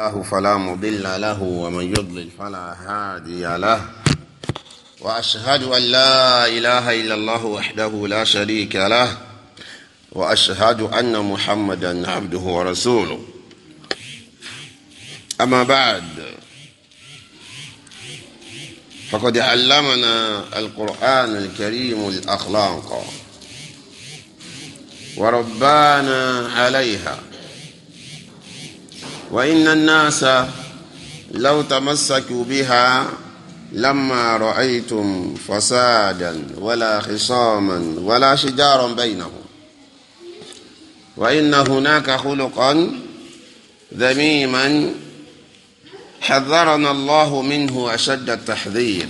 الله فلا مضل له ومن يضلل فلا هادي له وأشهد أن لا إله إلا الله وحده لا شريك له وأشهد أن محمدا عبده ورسوله أما بعد فقد علمنا القرآن الكريم الأخلاق وربانا عليها وإن الناس لو تمسكوا بها لما رأيتم فسادا ولا خصاما ولا شجارا بينهم وإن هناك خلقا ذميما حذرنا الله منه أشد التحذير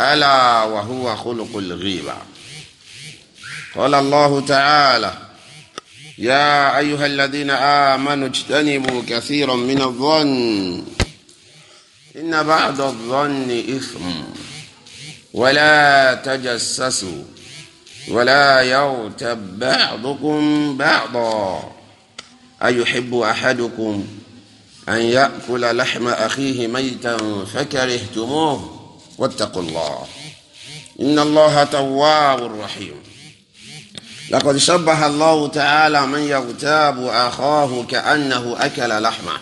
ألا وهو خلق الغيبة قال الله تعالى يا أيها الذين آمنوا اجتنبوا كثيرا من الظن إن بعض الظن إثم ولا تجسسوا ولا يغتب بعضكم بعضا أيحب أحدكم أن يأكل لحم أخيه ميتا فكرهتموه واتقوا الله إن الله تواب رحيم لقد شبه الله تعالى من يغتاب أخاه كأنه أكل لحمه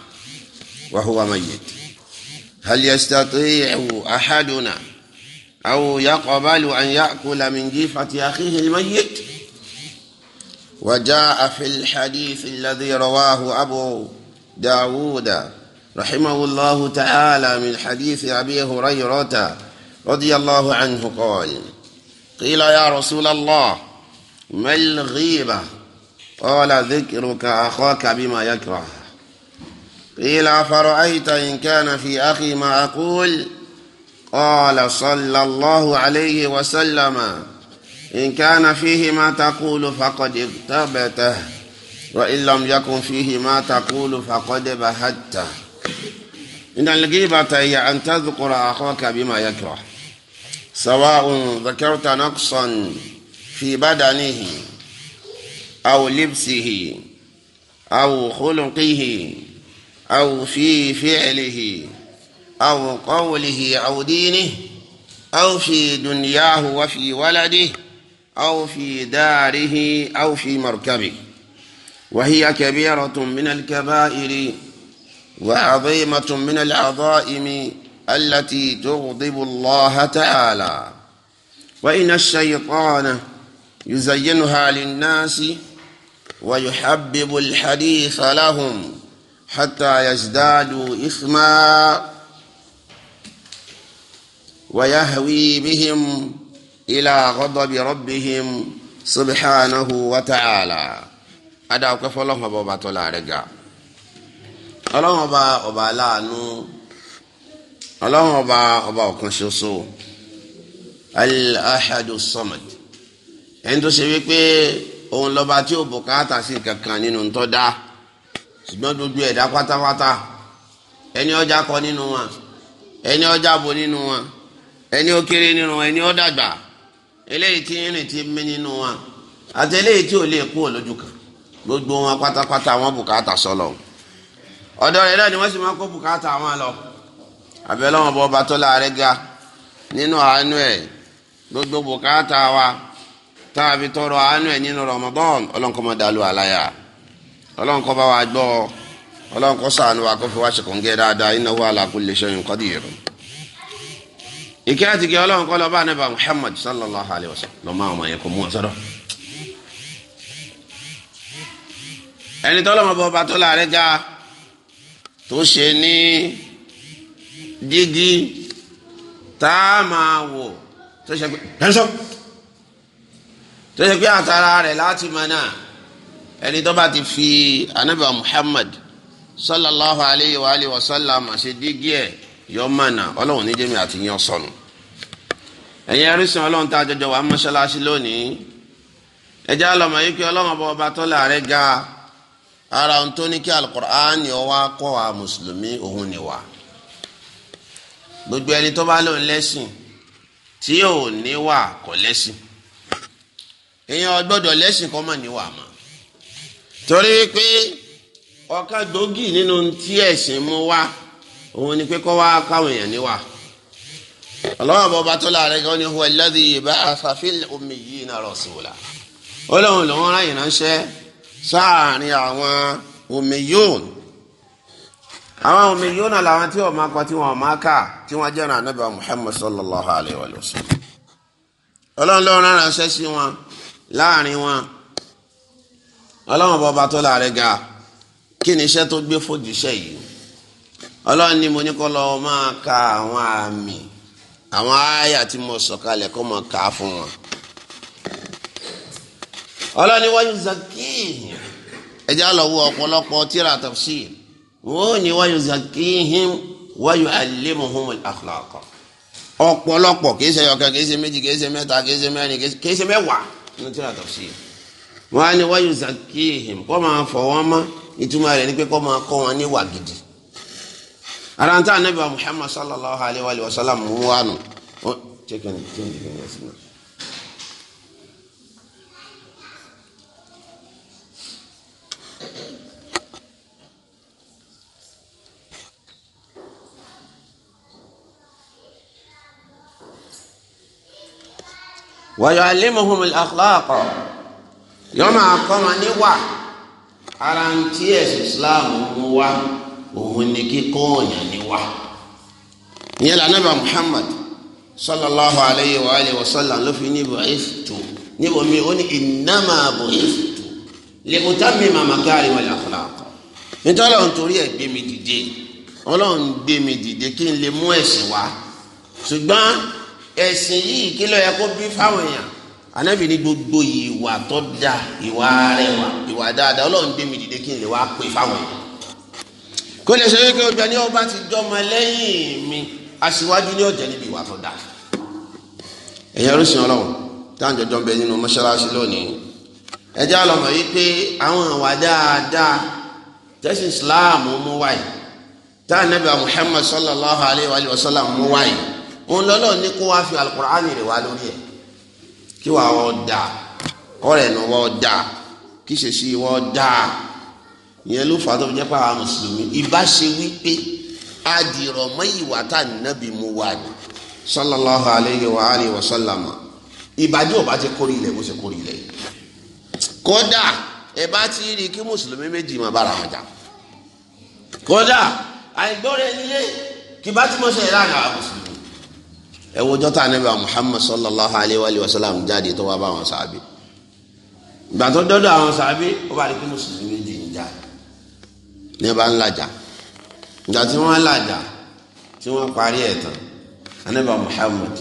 وهو ميت هل يستطيع أحدنا أو يقبل أن يأكل من جيفة أخيه الميت وجاء في الحديث الذي رواه أبو داود رحمه الله تعالى من حديث أبي هريرة رضي الله عنه قال قيل يا رسول الله ما الغيبة قال ذكرك أخاك بما يكره قيل فرأيت إن كان في أخي ما أقول قال صلى الله عليه وسلم إن كان فيه ما تقول فقد اغتبته وإن لم يكن فيه ما تقول فقد بهته إن الغيبة هي أن تذكر أخاك بما يكره سواء ذكرت نقصا في بدنه أو لبسه أو خلقه أو في فعله أو قوله أو دينه أو في دنياه وفي ولده أو في داره أو في مركبه وهي كبيرة من الكبائر وعظيمة من العظائم التي تغضب الله تعالى وإن الشيطان يزينها للناس ويحبب الحديث لهم حتى يزدادوا إثما ويهوي بهم إلى غضب ربهم سبحانه وتعالى ada ọpẹ́ fọ́lọ́run ọba ọba tọla rẹ̀ ga Ọlọ́run ọba ọba aláàánú Ọlọ́run ọba ọba ọ̀kan ṣoṣo al-ahadu samad ẹni tó ṣe wípé òun lọba tí ò bùkátà sí kankan nínú ń ṣùgbọ́n gbogbo ẹ̀dá pátápátá ẹni ọjà kọ nínú wọn ẹni ọjà bụ nínú wọn ẹni ó kéré nínú wọn ẹni ó dàgbà eléyìí tí irin ti mí nínú wọn àti eléyìí tí ò lè kú òlójú kan sọlọ náà ni sì lọ ọba tó ga nínú àánú gbogbo wa. tá a fi tọrọ àánú ẹ̀ nínú Ramadan ọlọ́nkọ́ máa dàlú àláyà ọlọ́nkọ́ bá wa gbọ́ ọlọ́nkọ́ sànù wa kó fi wá ṣèkóńgẹ́ dáadáa innahu ala kulli shay'in qadir. ìkẹ́ àti ìkẹ́ ọlọ́nkọ́ lọ bá anábà Muhammad sallallahu alayhi wa sallam lọ́mọ àwọn ẹ̀kọ́ mú wọn ẹni tọ́lọ́mọ bọ́ bá tọ́lá rẹ̀ ga tó ṣe ní dígí tá a máa wò tó ṣe pé tó ṣe pé àtàrà rẹ̀ láti mọ̀ náà ẹni tó bá ti fi anabi muhammad sallallahu alayhi wa alayhi wa sallam ṣe dígí ẹ̀ yọ mọ̀nà ọlọ́run ní jẹ́mi àti yan sọnù ẹ̀yin ẹrúsìn ọlọ́run tá a jọjọ wà mọ́ṣáláṣí lónìí ẹjẹ́ àlọ́mọ yìí pé ọlọ́run ọba ọba tó láàrẹ́ ga ara ohun tó ní kí alukur'an yọ wá kọ́ wa mùsùlùmí òun ni wà gbogbo ẹni tó bá lóun lẹ́sìn tí ò ní wà kò lẹ́sìn èèyàn gbọ́dọ̀ lẹ́sìn kọ́ mọ̀ níwà mọ́ torí pé ọ̀kan gbòógì nínú tí ẹ̀sìn mú wá òun ni pé kọ́ wá káwọn èèyàn níwà ọlọ́run bọba tó láàrin gan ni huwa alladhi ba'atha fil ummiyyina rasula ọlọ́run lòun ráyìn ránṣẹ́ sáàárín àwọn ummiyun àwọn ummiyun náà làwọn tí wọ́n máa kọ tí wọ́n máa kà tí wọ́n jẹ́ràn ànábì Muhammad sallallahu alayhi wa sallam ọlọ́run lòun ránṣẹ́ sí wọn láàrin wọn ọlọ́run bọba tó láàrin ga kí ni iṣẹ́ tó gbé fòjíṣẹ́ yìí ọlọ́run ni mo ní kó lọ máa ka àwọn àmì àwọn àyà tí mo sọ̀kalẹ̀ kó máa ka fún wọn ọlọ́run ni wáyé zakihim ẹjẹ́ àlọ́wọ́ ọ̀pọ̀lọpọ̀ tíra tafsir wọ́n ní wáyé zakihim wáyé alimuhumul akhlaqa ọ̀pọ̀lọpọ̀ kìí ṣe ọ̀kan kìí ṣe méjì kìí ṣe mẹ́ta kìí ṣe mẹ́rin kìí ṣe mẹ́wàá nínú tíra tafsir wọn á ní wáyé zakihim kọ́ máa fọ wọn mọ́ ìtumọ̀ rẹ̀ ni pé kọ́ máa kọ́ wọn ní wà gidi ara ń tà nàbẹ̀ Muhammad sallallahu alayhi wa sallam wà nù. wa yu'allimuhum al-akhlaq yóò máa kọ́ wọn níwà ara ń tí ẹ̀sìn Islam mú wá òun ni kíkọ́ ọ̀yàn níwà ìyẹn lànàbà Muhammad sallallahu alayhi wa alihi wa sallam ló fi ní bu'ithtu níbo mi ó ní innama bu'ithtu li utammima makarima al-akhlaq nítorí ọ̀hún torí ẹ̀ gbé mi dìde ọlọ́run gbé mi dìde kí n lè mú ẹ̀sìn wá ṣùgbọ́n ẹ̀sìn yìí kí ló yẹ kó bí fáwọn èèyàn ànábì ní gbogbo ìwà tó da ìwà rẹwà ìwà dáadáa ọlọ́run gbé mi dìde kí n lè wá pé fáwọn èèyàn kó lè ṣe wípé ọjà ní ọba ti jọmọ lẹ́yìn mi aṣíwájú ní ọjà níbi ìwà tó da ẹ̀yẹ rúṣin ọlọ́run táwọn jọjọ ń bẹ nínú mọ́ṣáláṣí lónìí ẹjẹ́ àlọ́mọ yìí pé àwọn ìwà dáadáa tẹ́sí Islam mú wáyé táwọn nàbẹ̀ Muhammad sallallahu alayhi wa sallam mú wáyé òun lọ́lọ́ ní kó wá fi alukur'ani rẹ̀ wá lórí ẹ̀ kí wàá wọ́n dà ọ̀rẹ́ nu wọ́n dà kí ṣèṣì wọ́n dà ìyẹn ló fà á tó fi jẹ́ pé àwọn mùsùlùmí ìbáṣe wípé adìrọ̀ ìwà tá nàbì mu wà ní sallallahu alayhi wa alihi wa sallam ìbàjẹ́ ọba ti kórè ilẹ̀ bó ṣe kórè ilẹ̀ kódà ẹ bá ti rí kí mùsùlùmí méjì máa bára wọn jà kódà àìgbọ́rẹ̀ nílé kì bá ti mọ̀ ṣe ìlànà àwọn mùsùlùmí ẹ wojọ́ tá anabi muhammad sallallahu alayhi wa sallam jáde tó wá bá àwọn sàbí ìgbà tó dọ́dọ̀ àwọn sàbí ó bá rí kí mùsùlùmí méjì ń jà ní bá ń làjà ìgbà tí wọ́n làjà tí wọ́n parí ẹ̀ tán anabi muhammad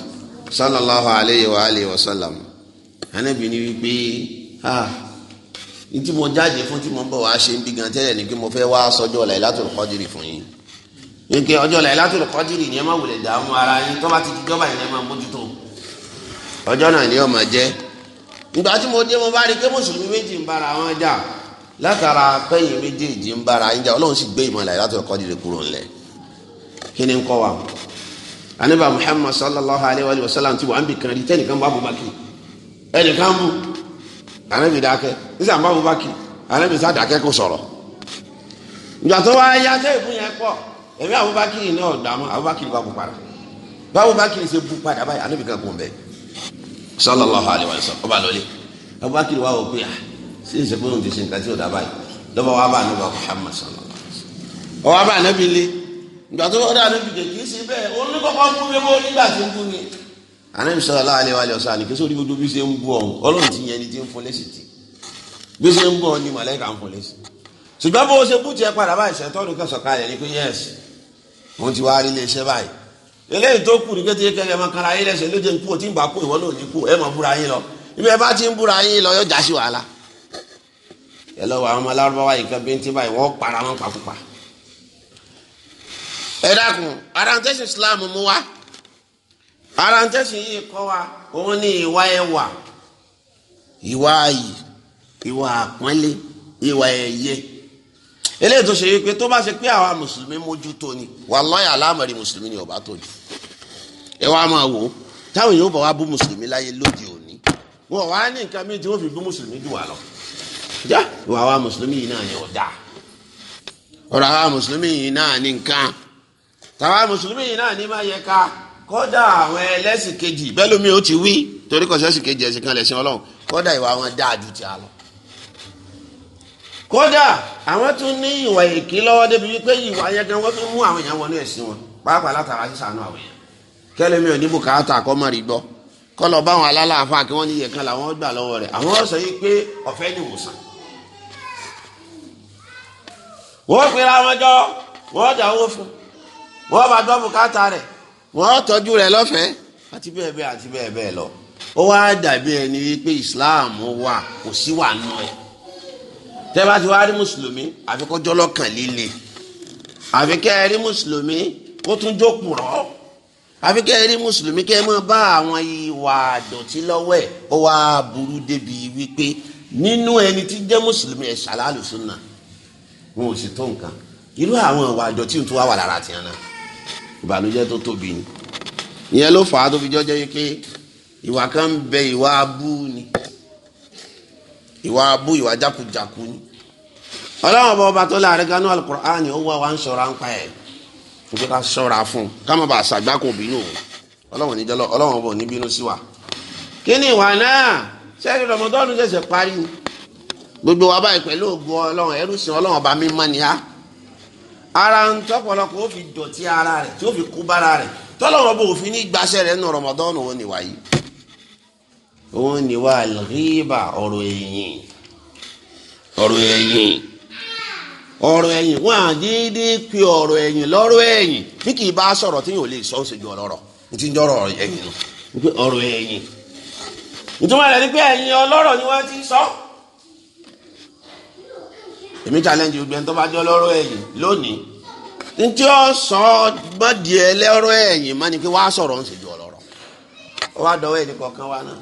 sallallahu alayhi wa sallam anabi ni wípé ah ní tí mo jáde fún tí mo ń bọ̀ wá ṣe ń bí gan tẹ́lẹ̀ ni pé mo fẹ́ wá sọ́jọ́ ọ̀la ìlàtọ̀ kọ́dìrì fún yín yíké ọjọ́ Lailatul Qadri ni ẹ má wulẹ̀ dààmú ara yín tó bá ti di jọba yìí ni ẹ má mójútó ọjọ́ náà ni ó máa jẹ́ ìgbà tí mo dé mo bá rí i pé mùsùlùmí méjì ń bára wọn jà látara pẹ́yìn méjèèjì ń bára yín jà ọlọ́run sì gbé ìmọ̀ Lailatul Qadri kúrò ńlẹ̀ kí ni ń kọ́ wa anaba Muhammad sallallahu alayhi wa sallam ti wà ń bì kan rí tẹ́nìkan bá Abubakar ẹnìkan bú anabi dákẹ́ sísan bá Abubakar anabi sá dákẹ́ kó sọ̀rọ̀ ìgbà ẹ̀mí abubakiri náà dààmú abubakiri bá bu padà bá abubakiri ṣe bu padà báyìí sallallahu alayhi wa sallam ọba lọlé abubakiri wa wò pé fún ah, nǹkan tí lọ́ba bá muhammad sallallahu alayhi wa sallam ọba bá lé ìgbà tó kì í ṣe bẹ́ẹ̀ ó ní kọ́kọ́ mi bó nígbà tí wa sallam gbogbo bí ṣe ń bú ọlọ́run ti yẹn ni ti ń fún bí ṣe ń bú wọ́n ti wá rí iléeṣẹ́ báyìí eléyìí tó kù ní kété kẹkẹ máa kara ayé lẹsẹ ló jẹ nkú òtí nbà kú ìwọ náà ní kú ẹ máa búra yín lọ ibi ẹ bá ti ń búra yín lọ yóò já sí wàhálà ẹ lọ wà ọmọ alárúbáwá yìí kan bíntín báyìí wọ́n para wọn pàkúpa. ẹ dákun arantẹ́sì Islam mú wa arantẹ́sì yìí kọ́ wa òun ní ìwà ẹwà ìwà ayì ìwà àpọ́nlé ìwà ẹ̀yẹ eléyìí tó ṣe wípé tó bá ṣe pé àwa mùsùlùmí mójútó ni wàláyà alámọ̀rí mùsùlùmí ni ọba tó jù ẹ wá máa wò ó táwọn èèyàn bọ̀ wá bú mùsùlùmí láyé lóde òní wọn wá ní nǹkan méjì tí wọ́n fi bú mùsùlùmí jù wá lọ já ìwà àwa mùsùlùmí yìí náà ni ọ̀dà ọ̀rọ̀ àwa mùsùlùmí yìí náà ni nǹkan tàwa mùsùlùmí yìí náà ni máa yẹ ká kọ́dà àwọn ẹlẹ́sìn kejì bẹ́ẹ̀ lómi ó ti wí torí kọ́sẹ́sìn kódà àwọn tún ní ìwà èké lọ́wọ́ débi wípé ìwà yẹn gan wọ́n tún mú àwọn èèyàn wọnú ẹ̀sìn wọn pàápàá látara sísànú àwọn èèyàn kẹlẹ́ mi ò ní bùkátà kọ́ mọ̀ rí gbọ́ kọ́ lọ bá àwọn alálàáfà kí wọ́n ní yẹ̀kan làwọn gbà lọ́wọ́ rẹ̀ àwọn sọ yìí pé ọ̀fẹ́ ni wòsàn. wọ́n pera wọn jọ wọ́n dáwó fún wọ́n bá gbọ́ bùkátà rẹ̀ wọ́n tọ́jú rẹ̀ lọ́fẹ̀ẹ́ àti bẹ́ẹ̀ bẹ́ẹ̀ àti bẹ́ẹ̀ bẹ́ẹ̀ lọ ó wá dàbí ẹni wípé Islam wà kò sí wà nù ẹ̀ tẹ́bá ti wá rí mùsùlùmí àfi kó jọlọ́kàn líle àfi kẹ́ ẹ rí mùsùlùmí kó tún jókòó rọ́ àfi kẹ́ ẹ rí mùsùlùmí kẹ́ ẹ mọ́ bá àwọn ìwà àdọ̀tí lọ́wọ́ ẹ̀ ó wá burú débi wípé nínú ẹni tí jẹ́ mùsùlùmí ẹ̀ ṣàlàlù súnà wọn ò sì tó nǹkan irú àwọn ìwà àdọ̀tí tó wà lára tiẹ̀ náà ìbànújẹ́ tó tóbi ni ìyẹn ló fà á tó fi jọ́jọ́ yìí ìwà kan bẹ ìwà abú ni ìwà abú ìwà jákujàku ni ọlọ́run ọba ọba tó láàrin ganú alukur'an ó wá wa ń ṣọ́ra ń pa ẹ̀ nígbà ká ṣọ́ra fún un ká má bàa ṣàgbákò bínú ọlọ́run níjọ́ ọlọ́run ọba ò ní bínú sí wa. kí ni ìwà náà sẹ́yìn rọmọdọ́nù ṣẹ̀ṣẹ̀ parí gbogbo wa báyìí pẹ̀lú ògùn ọlọ́run ẹrú sìn ọlọ́run ọba mímọ́ ni á ara ń tọpọlọpọ ó fi dọ̀tí ara rẹ̀ tí ó fi kú bára rẹ̀ tọ́lọ́run ọ̀rọ̀ ẹ̀yìn wọn àdídí pe ọ̀rọ̀ ẹ̀yìn lọ́rọ̀ ẹ̀yìn bí kì í bá sọ̀rọ̀ tí yóò lè sọ ó sì ju ọ̀rọ̀ rọ̀ ní ti ń jọ́rọ̀ ẹ̀yìn nù pé ọ̀rọ̀ ẹ̀yìn ìtumọ̀ rẹ̀ ni pé ẹ̀yìn ọlọ́rọ̀ ni wọ́n ti sọ. èmi challenge gbogbo ẹni tó bá jọ lọ́rọ̀ ẹ̀yìn lónìí ní tí ó sọ gbọ́dì ẹ lọ́rọ̀ ẹ̀yìn má ni pé wàá sọ̀rọ̀ ń sì ju ọ̀rọ̀ rọ̀ ó wá dọwọ́ ẹni kọ̀ọ̀kan wa náà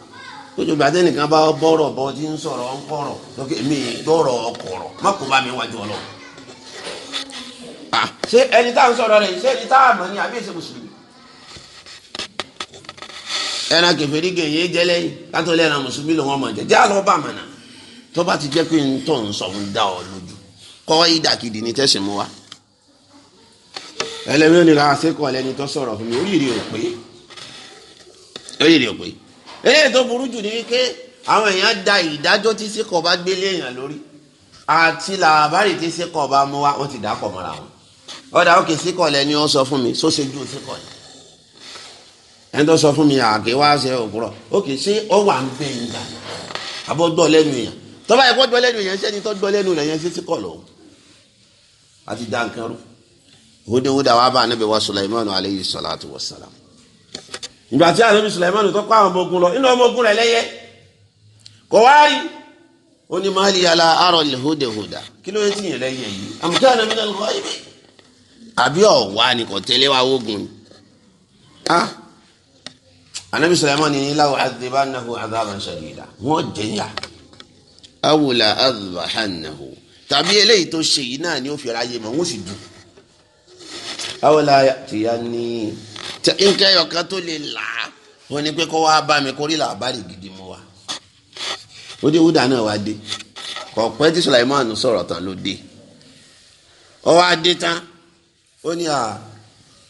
tójú gbàdé nìkan bá bọ́rọ̀ bọ́ ti ń sọ̀rọ̀ ń kọ̀rọ̀ lókè mi gbọ́rọ̀ ọkọ̀rọ̀ má kó bá mi wájú ọlọ́run ṣé ẹni tá à ń sọ̀rọ̀ rẹ̀ ṣé ẹni tá à mọ̀ ni àbí èsè mùsùlùmí. ẹran kẹfẹ́rí gèyè jẹ́lẹ̀ kátólẹ́ ẹran mùsùlùmí ló wọ́n mọ̀ jẹ́ já lọ bá mọ̀nà tó bá ti jẹ́ pé ń tọ̀ ń sọ ń dá ọ lójú kọ́ ìdàkidì ni tẹ̀sí mu wa. ẹlẹ́mi ò ní ra àṣekọ̀ lẹ́ni tó sọ̀rọ̀ fún mi oríire ò pé oríire ò pé eléyìí tó da ìdájọ́ tí sẹ́kọ̀ bá gbélé èèyàn lórí àti làbárì tí sẹ́kọ̀ bá mú wa wọ́n ti dà á pọ̀ wọn ọ̀dà òkè síkọ̀lẹ̀ ni ó sọ fún mi só ṣe ju síkọ̀lẹ̀ ẹni tó sọ fún mi àgé wá ṣe òkúrọ̀ òkè ṣé ó wà ń bẹ ìgbà àbọ̀ gbọ́ lẹ́nu èèyàn tọ́ba ẹ̀kọ́ gbọ́ lẹ́nu èèyàn ṣẹ́ni tó gbọ́ lẹ́nu rẹ̀ yẹn ṣe síkọ̀lẹ̀ òun àti dá nǹkan rú húdíhúdà wà bá anábì wa sulaimanu aleyhi salatu wa salam ìgbà tí anábì sulaimanu tó kó àwọn ọmọ lọ inú ọmọ ogun lẹ́yẹ kò wá rí onímọ̀ àlìyàlá àrọ̀ lè kí ló ń tiyàn lẹ́yẹ yìí àmì àbí ọ̀wá ni kò tẹ́lẹ̀ wá wógun ni. anabi sulaiman ni láwọn adébá nahu adában ṣàdìdà wọn jẹyà awùlà adùbàhánnahu tàbí eléyìí tó ṣe yìí náà ni ó fi ráyè mọ wọn sì dùn. awùlà tìyà ni nǹkan ẹyọkan tó lè là á wọn ni pé kó wá bá mi kórìí làbárì gidi mu wa. ó dé wúdà náà wá dé kọ̀ọ̀pẹ́ tí sulaiman sọ̀rọ̀ tán ló dé ó wá tán ó ní à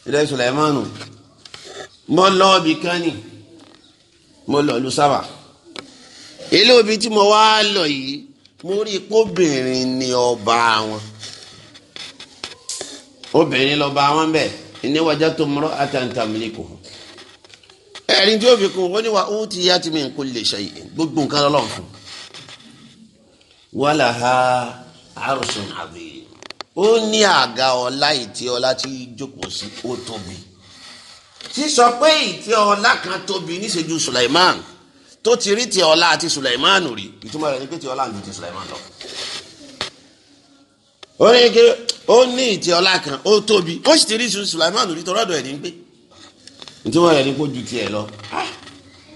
ilẹ̀ sùlẹ̀mánu mo lọ ibì kan ni mo lọ lu sábà ilé òbí tí mo wá lọ yìí mo rí i pé obìnrin ni ọba wọn obìnrin lọ́ba wọn bẹ́ẹ̀ ìní tó mọ́rọ́ àtàntàmílì kò tí ó fi kún ó ní wa ó ti yá ti mi kó lè ṣe gbogbo nǹkan lọ́lọ́run fún wàhálà ha àròsùn àbẹ̀yẹ ó ní àga ọlá ìtì ọlá tí jókòó sí ó tóbi sísọ pé ìtì ọlá kan tóbi níṣẹ́jú Sulaiman tó ti rí ti ọlá àti Sulaiman rí ìtumọ̀ rẹ̀ ni pé ti ọlá àti ti Sulaiman lọ. ó ní kí ó ní ìtì ọlá kan ó tóbi ó sì ti rí Sulaiman rí tọ́lọ́dọ̀ ẹ̀ ní pé ìtumọ̀ rẹ̀ ni kó ju tiẹ̀ lọ ah!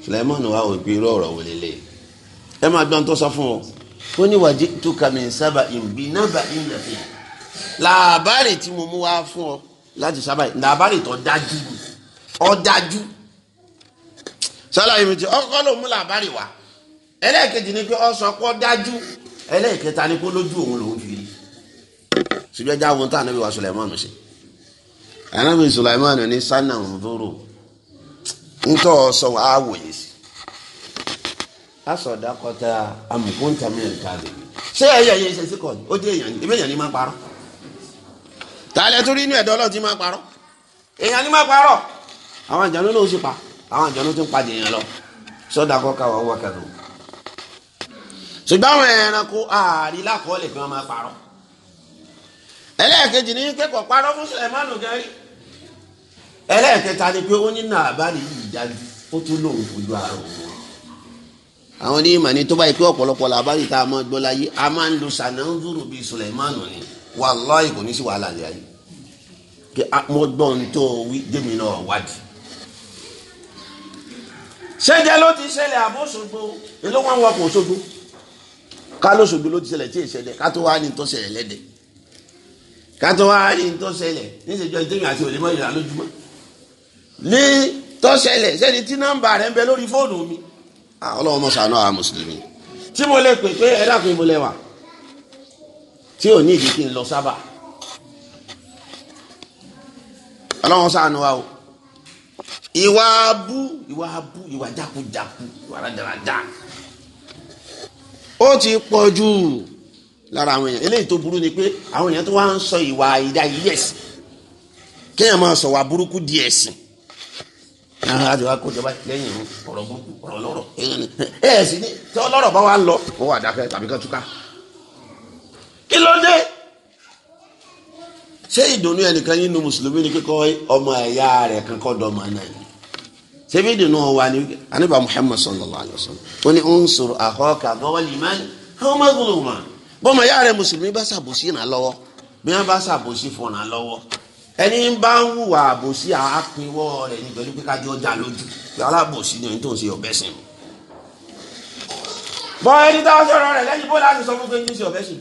Sulaiman wà wò pé irú ọ̀rọ̀ wò lélẹ̀ ẹ máa gbọ́n tó sọ fún ọ ó ní wàjí tó kàmí sábà ìbí náà bá ìlẹ̀ làbárè tí mo mú wá fún ọ láti sábà yìí làbárè tó dájú ni ọ dájú sálàyé mi ti ọkọ ló mú làbárè wá ẹlẹ́ẹ̀kejì ni pé ọ sọ pé ọ dájú ẹlẹ́ẹ̀kẹta ni pé lójú òun lòún fi rí ṣùgbọ́n ẹja wọn tá ànábì wa Sùlẹ̀mánù ṣe ànábì Sùlẹ̀mánù ní sanna ndúró ntọ́ sọ àwọ̀ yìí sí asọ̀dá kọta amukúntàmí ẹ̀ka rẹ̀ ṣé ẹ̀yà yẹn ṣe sí kọ́ni ó dé èèyàn ní ebí èèyàn ní máa parọ́ tààlẹ̀ tó rí inú ẹ̀dọ́ ọlọ́run ti máa parọ́ èèyàn ni máa parọ́ àwọn àjànú ló ń sì pa àwọn àjànú tó ń padì èèyàn lọ sọ́dà kọ́ka wọ́n wọ́ kẹrù. ṣùgbọ́n àwọn ẹranko ààrí lákọọ́lẹ̀ pé wọ́n máa parọ́ ẹlẹ́ẹ̀kejì ní kẹ́kọ̀ọ́ parọ́ fún sùlẹ̀mánù gẹ́rí ẹlẹ́ẹ̀kẹta ni pé ó ní nàbàlì yìí dájú ó tún lòun fojú ara òun àwọn onímọ̀ ni tó báyìí pé ọ̀pọ̀lọpọ̀ làbárí tá a máa gbọ́ láyé a máa ń lo sànáńdúró bíi sùlẹ̀mánù ni wàláhì kò ní sí wàhálà lẹ́yìn kí mo gbọ́ ń tó wí jẹ́mi náà wádìí. ṣẹ́jẹ́ ló ti ṣẹlẹ̀ àbó ṣogbo èló wọn wakọ̀ ṣogbo ká ló ṣogbo ló ti ṣẹlẹ̀ tí ì ṣẹlẹ̀ ká tó wá ní tó ṣẹlẹ̀ lẹ́dẹ̀ ká tó wá ní tó ṣẹlẹ̀ níṣẹ́jọ́ ìtẹ́yìn àti òlé mọ́yìnlá lójúmọ́ ní tó ṣẹlẹ̀ sẹ́ni tí nọ́mbà rẹ̀ ń bẹ lórí fóònù mi ọlọ́wọ́ mọ̀ṣánú àwọn mùsùlùmí tí mo lè pè pé ẹ̀dá pé mo lẹ́wà tí ò ní ìdí kí n lọ sábà ọlọ́run ṣàánú wa o ìwà abú ìwà abú ìwà jákujáku ìwà rádaràdà ó ti pọ̀ jù lára àwọn èèyàn eléyìí tó burú ni pé àwọn èèyàn tó wá ń sọ ìwà ìdá yíyẹsì kéèyàn máa sọ wà burúkú di ẹ̀sìn àwọn àjọyọ̀ akójọba lẹ́yìn ọ̀rọ̀ burúkú ọ̀rọ̀ lọ́rọ̀ ẹ̀sìn ni tí ọlọ́rọ̀ bá wà lọ ó wà dákẹ́ tàbí kan kí ló dé ṣé ìdùnnú ẹnìkan yín nu mùsùlùmí ni kíkọ́ ọmọ ẹ̀yà rẹ̀ kankan dọ̀mọ̀ náà ni ṣé bí ìdùnnú wa ni anábà Muhammad sallallahu alayhi wa sallam wọ́n ní unsur akhaka dọ́wọ́ limani àwọn ọmọ ẹ̀gbọ́n lòun mà bọ́mọ ẹ̀yà rẹ̀ mùsùlùmí bá ṣàbòsí ràn lọ́wọ́ bí wọ́n bá ṣàbòsí fún ràn lọ́wọ́ ẹni bá ń hùwà àbòsí àápinwọ́ rẹ̀ ní pẹ̀lú pé kájọ́ ọjà lójú alábòsí ni ẹni tó ń ṣe ọ̀bẹ sìn bọ́ ẹni táwọn sọ̀rọ̀ rẹ̀ lẹ́yìn bó láti sọ fún pé ń ṣe ọ̀bẹ sìn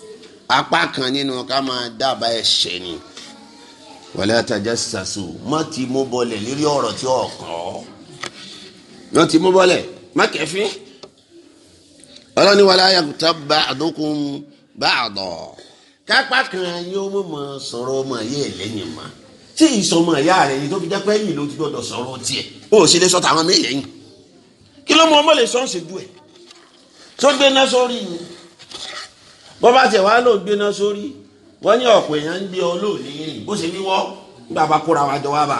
apá kan nínú ká máa dábàá ẹ̀ṣẹ̀ ni wala tajassasu má ti mú bọ́lẹ̀ lórí ọ̀rọ̀ tí ọ̀kan ọ́ má ti mú bọ́lẹ̀ má kẹfín ọlọ́ni wala yaghtab ba'dukum ba'da kápá kan yóò mọ̀ mọ̀ sọ̀rọ̀ ọmọ yẹ́ lẹ́yìn mọ́ tí ìsọmọ ìyá rẹ̀ yìí tó fi jẹ́ yìí ló ti gbọ́dọ̀ sọ̀rọ̀ tiẹ̀ ó sì lè sọ tàwọn mí lẹ́yìn kí ló mọ ọmọ lè sọ́ọ̀sì du ẹ̀ tó gbé náà sórí yìí bọ́ bá tiẹ̀ wá lò gbéná sórí wọ́n ní ọ̀pọ̀ èèyàn ń gbé ọ lóòní rìn bó ṣe wíwọ́ nígbà bá kóra wa jọ wá bá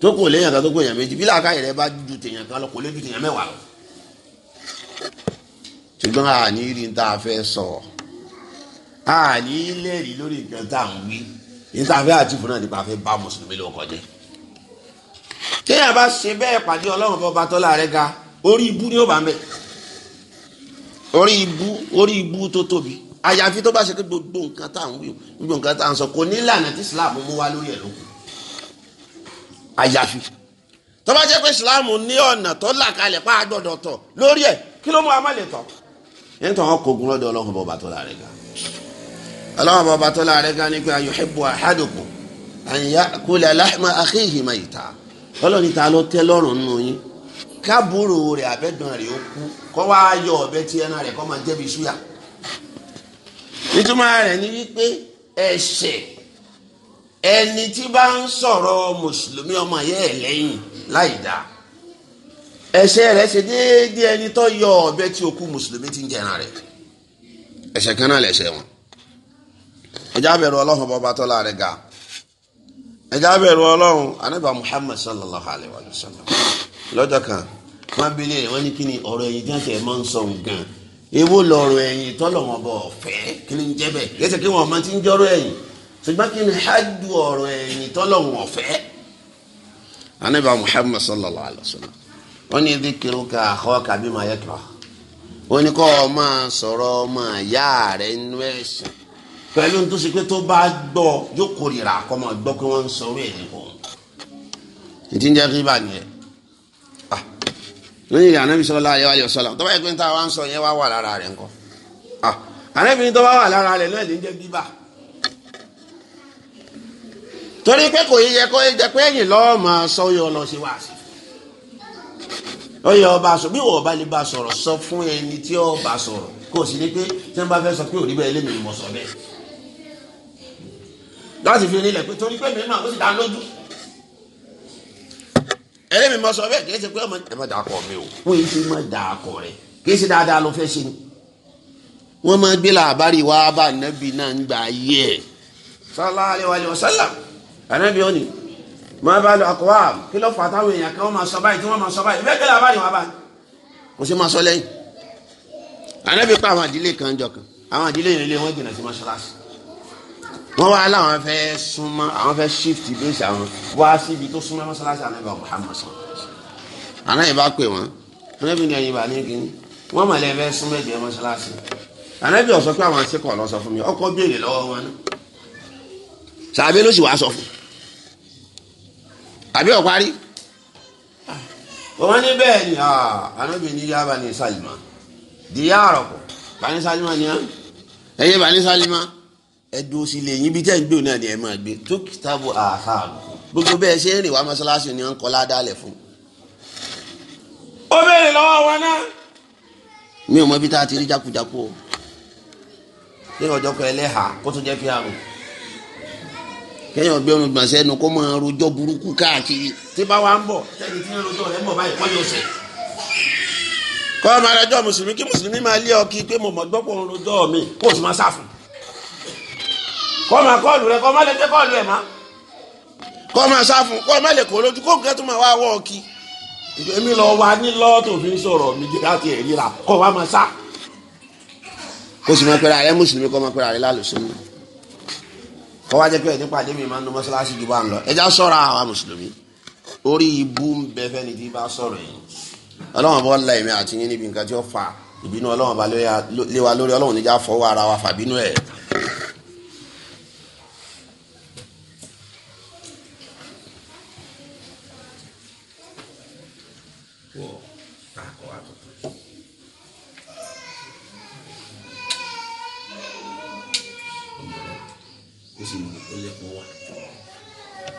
tó kò léèyàn kan tó kò èèyàn méjì bí làákàyè rẹ bá ju tèèyàn kan lọ kò lé ju tèèyàn mẹ́wàá lọ. ṣùgbọ́n àní rí n tá a fẹ́ sọ àní lẹ́rìí lórí nǹkan tá à ń wí ní tá a fẹ́ àti fúnra nípa fẹ́ bá mùsùlùmí lọ kọjá. téèyàn bá ṣe bẹ́ẹ̀ pàdé ọlọ́run fọba tọ́lá rẹ ga orí ibú ni ó bá ń orí ibu orí ibú tó tóbi àyàfi tó bá ṣe pé gbogbo nǹkan tá à ń wí gbogbo nǹkan tá à ń sọ kò ní ìlànà tí Islam mú wá lórí ẹ̀ lókun àyàfi tó bá jẹ́ pé Islam ní ọ̀nà tó là kalẹ̀ pa àgbọ̀dọ̀ tọ̀ lórí ẹ̀ kí ló mú amálẹ̀ tọ̀ yẹn tó wọn kò gun lọ́dọ̀ ọlọ́run bọ̀ bàtọ́ la rẹ̀ gan ọlọ́run bọ̀ bàtọ́ la rẹ̀ gan ni pé ayuhibbu ahadukum an ya'kula lahma akhihi kábúrò rẹ̀ abẹ́gbọ̀n rẹ̀ ó kú kọ́ wá yọ ọ̀bẹ tí ẹran rẹ̀ kọ́ máa jẹ́ bí ṣúyà rẹ̀ ni wípé ẹ̀ṣẹ̀ ẹni tí bá ń sọ̀rọ̀ mùsùlùmí ọmọ yẹ́ ẹ̀ lẹ́yìn láì dáa ẹ̀ṣẹ̀ rẹ̀ ṣe déédéé ẹni tó yọ ọ̀bẹ tí òkú mùsùlùmí ti ń jẹran rẹ̀ ẹ̀ṣẹ̀ kan náà lẹ̀ṣẹ̀ wọn ẹjá bẹ̀rù ọlọ́run bọba tọ́lá rẹ̀ ga ẹjá bẹ̀rù ọlọ́run anábà Muhammad sallallahu alayhi wa sallam lọ́jọ́ kan wọ́n bí léèrè wọ́n ní kí ni ọ̀rọ̀ ẹ̀yìn tí wọ́n tẹ̀ máa ń sọ nǹkan èwo lọ̀rọ̀ ẹ̀yìn tọ́lọ̀ wọn bọ̀ fẹ́ kí ni ń jẹ́ bẹ́ẹ̀ yẹ́sẹ̀ kí wọ́n máa ti ń jọ́rọ̀ ẹ̀yìn ṣùgbọ́n kí ni hajj ọ̀rọ̀ ẹ̀yìn tọ́lọ̀ wọn fẹ́. anábà Muhammad sallallahu alayhi wa sallam wọ́n ní dhikruka akhaka bima yakrah wọ́n ní kọ́ ọ máa sọ̀rọ̀ ọmọ ìyá rẹ̀ nínú ẹ̀sìn pẹ̀lú tó ṣe pé tó bá gbọ́ yóò kórìíra kọ́ máa gbọ́ pé wọ́n ń sọ̀rọ̀ ẹ̀yìn kò ń. ìtìjẹ́ kí bá nìyẹn lóyìn ìyá anabi sallallahu alaihi wasallam tó bá yẹ pé níta wá ń sọ yẹn wá wà lára rẹ̀ ńkọ́ anabi ah, ní tó bá wà lára rẹ̀ lọ́ọ̀lì ń jẹ́ bíbà torí pé kò yẹ kó jẹ pé ẹ̀yìn lọ́ọ́ máa sọ yọ ọ lọ sí wá sí ó yẹ ọba sọ bí ọba lè bá sọ̀rọ̀ sọ fún ẹni tí ọba sọ̀rọ̀ kò sí ní pé tí wọ́n bá fẹ́ sọ pé òní bẹ́ẹ̀ lémi mọ̀ sọ bẹ́ẹ̀ láti fi nílẹ̀ pé torí pé mi máa ó sì dá lójú ẹlẹ́mi mọ sọ bẹ́ẹ̀ kì í ṣe pé ẹ má dàkọ̀ mi o wọ́n yìí ṣe má dàkọ̀ rẹ̀ kì í ṣe dáadáa ló fẹ́ ṣe ni. wọ́n máa gbé làbárí wá bá ànábì náà ń gbà yé ẹ̀ sallallahu alaihi wasallam ànábì ó ní máa bá lọ àkọ́wà kí ló fà táwọn èèyàn kan wọ́n máa sọ báyìí tí wọ́n máa sọ báyìí bẹ́ẹ̀ kí làbárí wá bá kò sí máa sọ lẹ́yìn ànábì pa àwọn àdílé kan jọ kan àwọn àdílé yẹn ilé wọn jìnnà sí mọ́ṣáláṣí wọ́n wá láwọn fẹ́ súnmọ́ àwọn fẹ́ shift base àwọn wá síbi tó súnmọ́ mọ́sálásí anábìá Muhammad sọ anáyẹ bá pè wọ́n anábì ní ẹyin bá ní kí wọ́n mọ̀ lẹ́fẹ́ súnmọ́ ẹ̀jẹ̀ mọ́sálásí anábì ọ̀sọ́ pé àwọn aṣẹ́kọ̀ọ́ lọ sọ fún mi ọkọ̀ béèrè lọ́wọ́ wọn náà sàbí ló sì wá sọ fún àbí ó parí ah, wọ́n ní bẹ́ẹ̀ ni anábì ah, ní yaba ní Salima di yàrá kọ Bani Salima ni ẹ ẹ̀yin Bani Salima ẹ dúró sí ilé yín bí tẹ́ ń gbé náà ni ẹ máa gbé tó kìtàbù àhàn gbogbo bẹ́ẹ̀ ṣe ń rìn wá mọ́ṣáláṣí ni wọ́n ń kọ́ ládàálẹ̀ fún. ó béèrè lọ́wọ́ wọn náà. mi ò mọ ibi tá a ti rí jákujáku o lẹ́yìn ọjọ́ kan ẹlẹ́hà kó tó jẹ́ fi àrùn kẹ́yìn ọgbẹ́ ọ̀run gbọ̀nsẹ̀ ẹnu kó máa rojọ́ burúkú káàkiri tí bá wa ń bọ̀ sẹ́ni tí ń rojọ́ rẹ̀ mọ̀ báyìí kọ́ kọ́ máa kọ́ọ̀lù rẹ kọ́ máa lè tẹ́ kọ́ọ̀lù ẹ̀ má kọ́ máa sáfún kọ́ máa lè kó lójú kó nǹkan tó máa wá wọ́ ọ kí èmi lọ wa ní lọ́ọ̀tò fi ń sọ̀rọ̀ mi jẹ́ láti ẹ̀rí la kọ́ wa máa sá. kó sì máa pẹ́ra rẹ mùsùlùmí kọ́ máa pẹ́ra rẹ lálùsùn mi kọ́ wá jẹ́ pé ẹ̀dín pàdé mi máa ń lo mọ́ṣáláṣí ju bá ń lọ ẹja sọ̀rọ̀ àwa mùsùlùmí orí ibú ń bẹ fẹ́ni tí bá sọ̀rọ̀ yìí ọlọ́run bọ́ ńlá ẹ̀mí àti yín níbi nǹkan tí ó fa ìbínú ọlọ́run bá léwa lórí ọlọ́run níjà fọwọ́ ara wa fàbínú ẹ̀ sì mú ó lè pọ̀ wá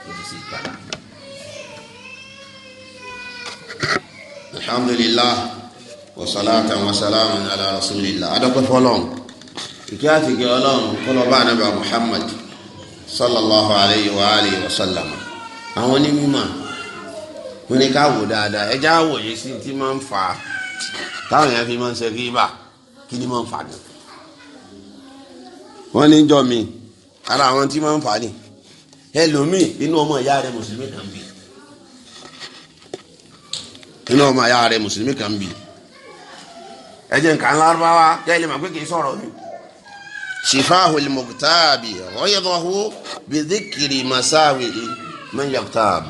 ó ti sì gbàlá. alhamdulillah wa salatu wa salamu ala rasulillah adọ́pẹ́ fọlọ́n ìkí àti ìkí ọlọ́run kọlọ́ba ànábà muhammad sallallahu alayhi wa alihi wa sallam àwọn onímọ̀ wọn ni ká wò dáadáa ẹja àwòye sí ti máa ń fà á táwọn yẹn fi máa ń ṣe rí bá kí ni máa ń fà á gan wọ́n ní jọ́ mi ara àwọn tí máa ń fà á ni ẹlòmíì inú ọmọ ìyá rẹ mùsùlùmí kan bì inú ọmọ ìyá rẹ mùsùlùmí kan bì ẹ jẹ́ nǹkan lárúbáwá kẹ́lẹ́ màá pé kì í sọ̀rọ̀ mi. شفاه المغتاب غيظه بذكر مساوئ من يغتاب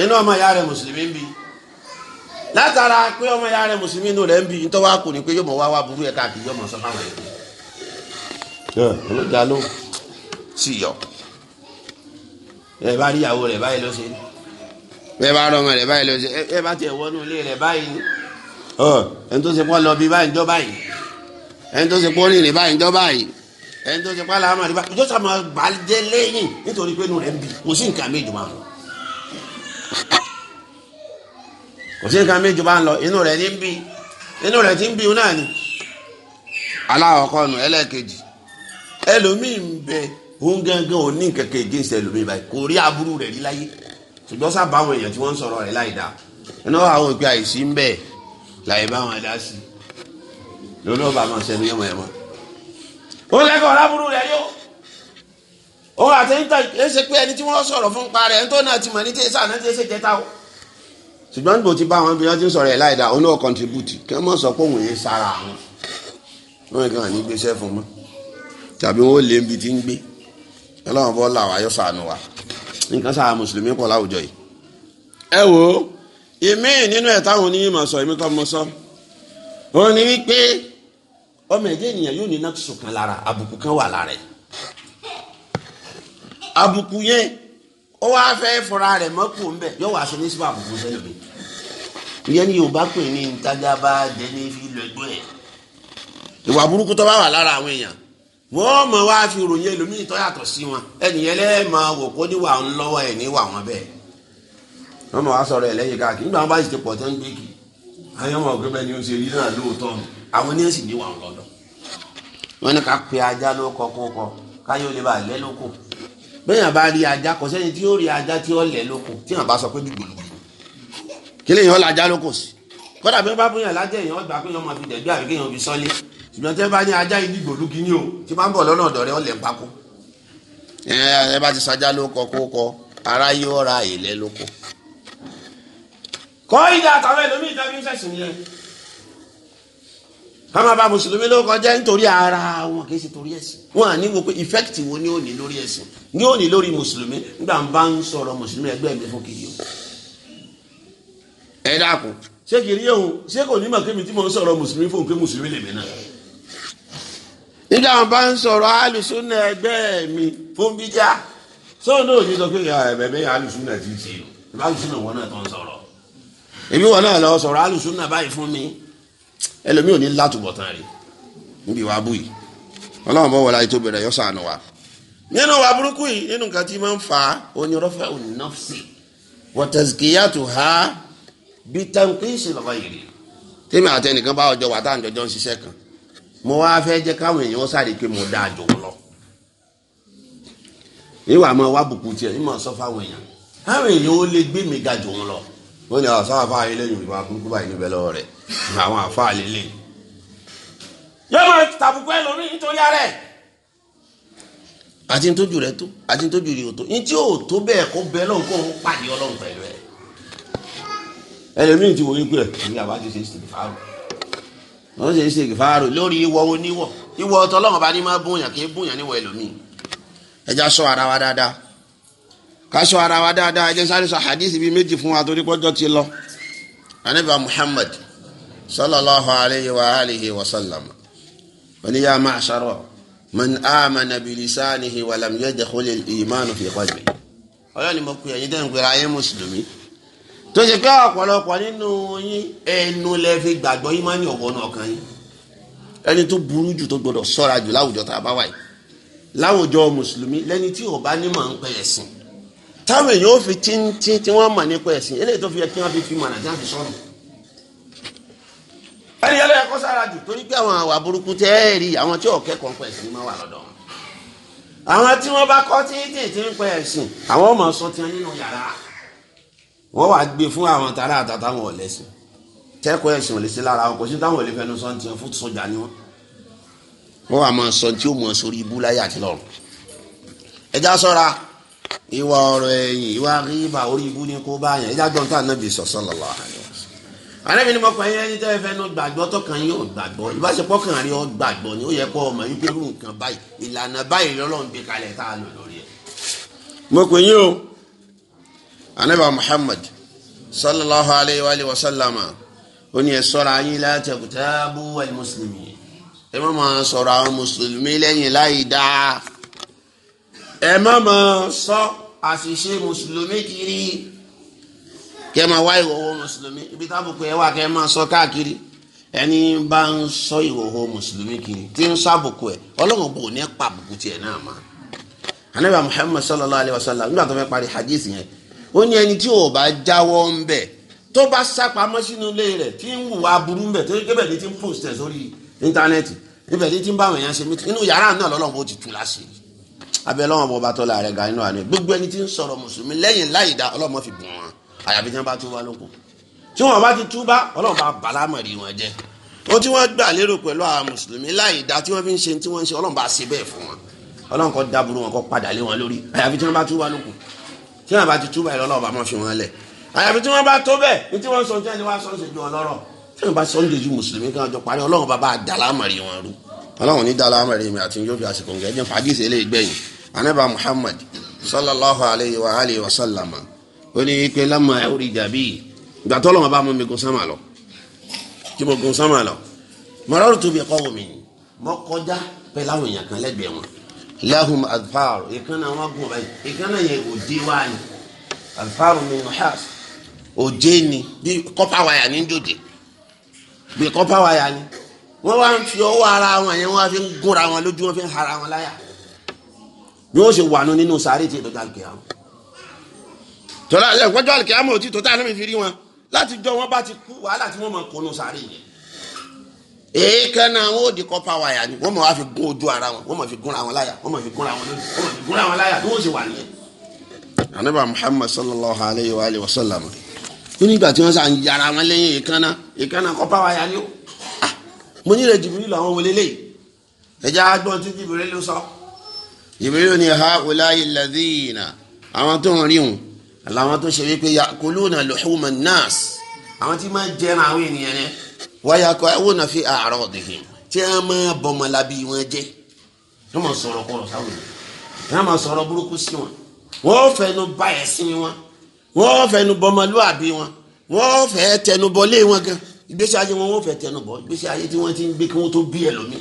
inú ọmọ ìyá rẹ mùsùlùmí ń bi látara pé ọmọ ìyá rẹ mùsùlùmí inú rẹ ń bi nítorí wàá kù ni pé yóò mọ wá wá burú ẹ káàkiri yóò mọ sọ olójà ló sì yọ ẹ bá rí ìyàwó rẹ báyìí ló ṣe ẹ bá rọmọ rẹ báyìí ló ṣe ẹ bá tiẹ̀ wọnú ilé rẹ báyìí ni ẹni tó ṣe pọ́ lọ bí báyìí ń jọ báyìí ẹni tó ṣe pọ́ rìnrìn báyìí ń jọ báyìí ẹni tó ṣe pọ́ làwọn àdìbá ìjọ sàmọ́ gbàdé lẹ́yìn nítorí pé inú rẹ̀ ń bì kò sí nǹkan méjì máa ń lọ kò sí nǹkan méjì máa ń lọ inú rẹ̀ ń bì inú rẹ̀ ti ń bì náà ni aláwọ̀ kọ́nu ẹlẹ́ẹ̀kejì ẹlòmíì ń bẹ òun gangan ò ní kẹkẹ against ẹlòmíì báyìí kò rí aburú rẹ̀ rí láyé ṣùgbọ́n sábà àwọn èèyàn tí wọ́n ń sọ̀rọ̀ rẹ̀ láì dáa iná àwọn ìpè àìsí ń bẹ láì bá wọn dá sí lórí ọba máa ṣẹnu yẹmọ yẹmọ. ó lẹ́kọ̀ọ́ láburú rẹ̀ yóò òun àti níta ẹ ṣe pé ẹni tí wọ́n sọ̀rọ̀ fún pa rẹ̀ nítorí náà ti mọ̀ ní tí èsà náà ti ṣe jẹta o. ṣùgbọ́n níbo ti bá wọn bí wọ́n ti ń sọ̀rọ̀ ẹ̀ láì dáa oníwọ̀ contribute kí wọ́n mọ̀ sọ pé òun yẹn sára àwọn. wọ́n yẹ kí wọ́n ní gbéṣẹ́ fún wọn tàbí wọn ò lé níbi tí ń gbé ọlọ́run bọ́ là wá yọ sànù wa nǹkan sáà mùsùlùmí pọ̀ láwùjọ yìí. ẹ wo ìmí nínú ẹ̀ táwọn onímọ̀ sọ èmi kọ́ mọ sọ ó ní wípé ọmọ ẹ̀jẹ̀ ènìyàn yóò ní náà sùn kan lára àbùkù kan wà lára ẹ̀ àbùkù yẹn ó wáá fẹ́ fọra rẹ̀ mọ́kù ńbẹ̀ yóò wá aṣọ ní sípò àbùkù sẹ́lẹ̀mí ìyẹn ni Yorùbá pè ní ntagaba dẹni fi lọ ẹgbẹ́ ẹ̀ ìwà burúkú tó bá wà lára àwọn èèyàn wọ́n mọ̀ wá fi ròyìn ẹlòmíì tó yàtọ̀ sí wọn ẹnìyẹn lẹ́ẹ̀mọ wò kó níwà ń lọ́wọ́ ẹ̀ níwà wọn bẹ́ẹ̀. wọ́n mọ̀ wá sọ̀rọ̀ ẹ̀ lẹ́yìn káàkiri nígbà wọn bá sì ti pọ̀ tán gbé kí ayọ́ mọ̀ pé bẹ́ẹ̀ ni ó ṣe rí náà lóòótọ́ nù àwọn ní èsì níwà ń lọ́dọ̀. wọ́n ní ká pe ajá ló kọ kó kọ káyọ̀ lè bá lẹ́ lóko. bẹ́ẹ̀yàn bá rí ajá kò sẹ́ni tí ó rí ajá tí ó lẹ̀ lóko tí yàn bá sọ ṣùgbọ́n tẹ́ bá ní ajá yìí dìgbò lókì ní o tí bá ń bọ̀ lọ́nà ọ̀dọ̀ rẹ ọ̀lẹ̀ ń pako. ẹ ẹ bá ti sajá ló kọ kó kọ ara yóò ra èlé lóko. kọ́ ìdá àtàwọn ẹlòmíì tá a fi ń fẹ̀sùn yẹn. ká máa bá mùsùlùmí ló kọjá nítorí ara wọn kì í ṣe torí ẹ̀sìn. wọn à ní wo pé ìfẹ́kìtì wo ni ó ní lórí ẹ̀sìn ni ó ní lórí mùsùlùmí nígbà bá ń sọ̀rọ̀ mùsùlùmí ẹgbẹ́ mi fún kiri nígbà wọn bá ń sọ̀rọ̀ alùsùnà ẹgbẹ́ mi fún bíjà sóun náà ò sọ pé ẹ̀bẹ̀bẹ̀ alùsùnà ti ṣe alùsùnà wọn náà tó ń sọ̀rọ̀ èmi wọn náà lọ sọ̀rọ̀ alùsùnà báyìí fún mi ẹlòmíì ò ní látùbọ̀tán rẹ̀ níbi wàá bù yìí ọlọ́run bọ́ wọlé ayé tó bẹ̀rẹ̀ wa nínú wa burúkú yìí nínú nǹkan tí máa ń fa onírọ́fẹ́ onínọ́fẹ́ wọ́tẹ̀sìkìyàtò ha bíi tẹ́ńkì ìṣèlọ́wọ́ yìí tèmi àtẹnìkan bá ọjọ́ wà tá à ń jọjọ́ ń ṣiṣẹ́ kan mo wá fẹ́ jẹ́ káwọn èèyàn sáré pé mo dáa lọ. ìwà máa wá bùkún tiẹ̀ ìmọ̀ sọ fáwọn èèyàn káwọn èèyàn ó lè gbé mi ga jù lọ. wọ́n ní àwọn sáfà ilẹ̀ yorùbá burúkú báyìí níbẹ̀ lọ́wọ́ rẹ̀ àwọn yóò máa tàbùkù ẹ lórí nítorí ara àti rẹ tó àti rẹ tó tí yóò tó bẹ́ẹ̀ kó kó pàdé ọlọ́run pẹ̀lú wọ́n ṣe ń ṣe ìfàárò lórí ìwọ oníwọ̀ ìwọ ọ̀tọ̀ ọlọ́run bá ní máa búyàn kì í búyàn níwọ̀ ẹlòmíì ẹja sọ ara wa dáadáa ká sọ ara wa dáadáa ẹjẹ sáré sọ hadisi bíi méjì fún wa torí pọ́jọ́ ti lọ anabi muhammad sallallahu alayhi wa alihi wa sallam oníyà ma'shara man amana bilisanihi wa lam yadkhulil imanu fi qalbi ọlọ́ni mo pe ẹ̀yin dẹ́nu pé ayé mùsùlùmí tó ṣe pé ọ̀pọ̀lọpọ̀ nínú yín ẹnu lẹ fi gbàgbọ́ yín máa ń ní ọ̀wọ́ náà kan yín ẹni tó burú jù tó gbọdọ̀ sọ́ra jù láwùjọ tá a bá wà yìí láwùjọ mùsùlùmí lẹ́ni tí ò bá ní mọ̀ ń pẹ́ ẹ̀sìn táwọn èèyàn ò fi tíntí tí wọ́n mọ̀ nípa ẹ̀sìn eléyìí tó fi yẹ kí wọ́n fi fi mọ̀ nàìjíríà fi sọ̀rọ̀ ẹni ẹlẹ́yà kọ́ sára jù torí pé àwọn àwà burúkú tẹ́ ẹ rí àwọn tí ò kẹ́kọ̀ọ́ pẹ́ ẹ̀sìn máa wà lọ́dọ̀ wọ́n wàá gbé fún àwọn tààrà àtàtàwọn ọ̀lẹ́sìn kẹ́kọ̀ọ́ ẹ̀sìn ò lè ṣe lára wọn kò sí táwọn olè fẹnu sọ ti fún sọjà ni wọn. wọ́n wàá máa sọ tí ó mọ̀ sórí ibú láyé àti lọ́rùn. ẹja sọ́ra ìwà ọ̀rọ̀ ẹ̀yìn ìwà rírà orí ibú ni kó bá yàn ẹja gbọ́n tá ànábì sallallahu alaihi wasallam. ànábì ni mo pè é ẹni tẹ́ ẹ fẹ́nu gbàgbọ́ tọkàn yóò gbàgbọ́ ìbáṣepọ̀ kan mo pè yín o anabi muhammad sallallahu alayhi wa alayhi wa sallama ó ní ẹ ṣọ́ra yín láti ẹ̀kútàbù wal mùsùlùmí ẹ má máa sọ̀rọ̀ àwọn mùsùlùmí lẹ́yìn láì dáa ẹ má máa sọ àṣìṣe mùsùlùmí kiri kẹ máa wá ìwòwò mùsùlùmí ibi tábùkù ẹ wà kẹ máa sọ káàkiri ẹni bá ń sọ ìwòwò mùsùlùmí kiri tí ń sọ àbùkù ẹ ọlọ́run bò ní pàbùkù tiẹ̀ náà mọ́ anabi muhammad sallallahu alayhi wa sallam nígbà tó fẹ́ parí hadith yẹn ó ní ẹni tí ò bá jáwọ́ ń bẹ̀ tó bá sápamọ́ sínú ilé rẹ̀ tí ń wùwà burú ń bẹ̀ tó yẹ bẹ̀rẹ̀ ti ń post ẹ̀ sórí íńtánẹ́ẹ̀tì ibẹ̀ ni ti ń bá àwọn èèyàn ṣe mí inú yàrá náà lọ́lọ́mọ ti tú láṣìírí abẹ́ ọlọ́mọ bọba tọ́lá rẹ̀ ga inú àná gbogbo ẹni tí ń sọ̀rọ̀ mùsùlùmí lẹ́yìn láì dá ọlọ́mọ fi bùn wọn àyàfi tí wọ́n bá túbá lóko tí wọ́n bá ti túbá ọlọ́mọ bá balámọ̀rì wọn jẹ́ ó tí wọ́n gbà lérò pẹ̀lú àwọn mùsùlùmí láì dá tí wọ́n fi ń ṣe tí wọ́n ń ṣe ọlọ́mọ bá ṣe bẹ́ẹ̀ fún wọn ọlọ́mọ kọ́ dábùrú wọn kọ́ padà lé wọn lórí àyàfi tí wọ́n bá túbá lóko tí wọn bá ti túbà yìí lọ́lọ́wọ́ bá mọ̀ fi wọn lẹ̀ àyàfi tí wọn bá tó bẹ́ẹ̀ ní tí wọn sọ jẹ́ ni wọn sọ ń ṣe ju ọlọ́rọ̀ tí wọn bá sọ ń jẹ́jú mùsùlùmí kan jọ parí ọlọ́run bá bá dàlámàrí wọn rú ọlọ́run ní dàlámàrí mi àti yóò fi àsìkò ń gẹ́jẹ́ fàgísì eléyìígbẹ̀yìn anábà Muhammad sallallahu alayhi wa alayhi wa sallam ó ní pé lámà ẹ̀wúrì jàbí ìgbà tó lọ́wọ́ bá mú mi gun sámà lọ tí mo gun sámà lọ mọ̀rọ́rù tó bí ẹ̀kọ́ wò mí mọ́ kọjá pẹ̀láwìn yàn kan lẹ́gbẹ̀ẹ́ wọn lahum adfar ìkànnà wọn gùn báyìí ìkànnà yẹn òde wá ni adfar min nuhas òde ni bí kọ́pà wáyà ní dòde bí kọ́pà wáyà ni wọ́n wá ń fi ọwọ́ ara wọn yẹn wọ́n á fi ń gúnra wọn lójú wọn fi ń hara wọn láyà ni wọ́n ṣe wà nù nínú sáré tí ìdọ́jà kìá wọn. tọ́lá ẹ̀ gbọ́dọ̀ àlùkìá òtítọ́ tá a lè fi rí wọn láti jọ wọn bá ti kú wàhálà tí wọ́n mọ̀ kónú sáré yẹn èèkan náà wọn ò di kọ́pá wáyà ni wọ́n mọ̀ wá fi gún ojú ara wọn wọ́n mọ̀ fi gúnra wọn láyà wọ́n mọ̀ fi gúnra wọn lónìí wọ́n mọ̀ fi gúnra wọn láyà bí wà nìyẹn. ànábì muhammad sallallahu alayhi wa alayhi wa sallam ó nígbà tí wọ́n sàn yàrá wọn lẹ́yìn èèkan náà èèkan náà kọ́pá wáyà ni ó. Ah, mo ní rẹ̀ jìbìrì làwọn wọlé lé ẹja gbọ́n tí jìbìrì ló sọ. jìbìrì ni ha wùláyì ladhina àwọn tó ń rí wọn làwọn tó ṣe wípé yakuluna luhuma nas àwọn tí máa jẹran wáyà kọ àwọn náà fi àárọ̀ ọ̀dẹ̀hìn tí a máa bọmọlábí wọn jẹ́ wọ́n máa sọ̀rọ̀ kọ̀rọ̀ sáwọn wọ́n máa sọ̀rọ̀ burúkú sí wọn wọ́n fẹnu bá ẹ̀sìn wọn wọ́n fẹnu bọmọlúàbí wọn wọ́n fẹ́ tẹnubọ lé wọn gan ìgbésí ayé wọn wọ́n fẹ́ tẹnubọ ìgbésí ayé tí wọ́n ti ń gbé kí wọ́n tó bí ẹlòmíì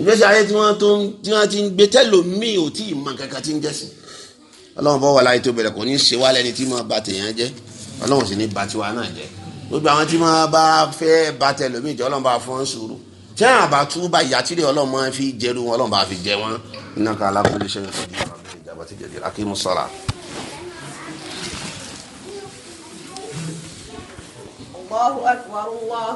ìgbésí ayé tí wọ́n tó tí wọ́n ti ń gbé tẹlòmíì ò tí ì mọ kankan tí ń jẹ́sìn ọlọ́run bọ́ wà láyé tó bẹ̀rẹ̀ kò ní í ṣe wá lẹ́ni tí mo bá tèèyàn jẹ́ ọlọ́run sì ní bá tiwa náà jẹ́ gbogbo àwọn tí wọ́n bá fẹ́ bá tẹlómi jẹ́ ọlọ́run bá fọ́n sùúrù tí àwọn àbá tú bá ìyá tílé ọlọ́run máa fi jẹ́rú wọn ọlọ́run bá fi jẹ́ wọn. iná kan alákùnrin ṣe ń sọ bí wọn bẹ ìjàmbá ti jẹ jẹ akíní sọra. Allahu akbar Allah.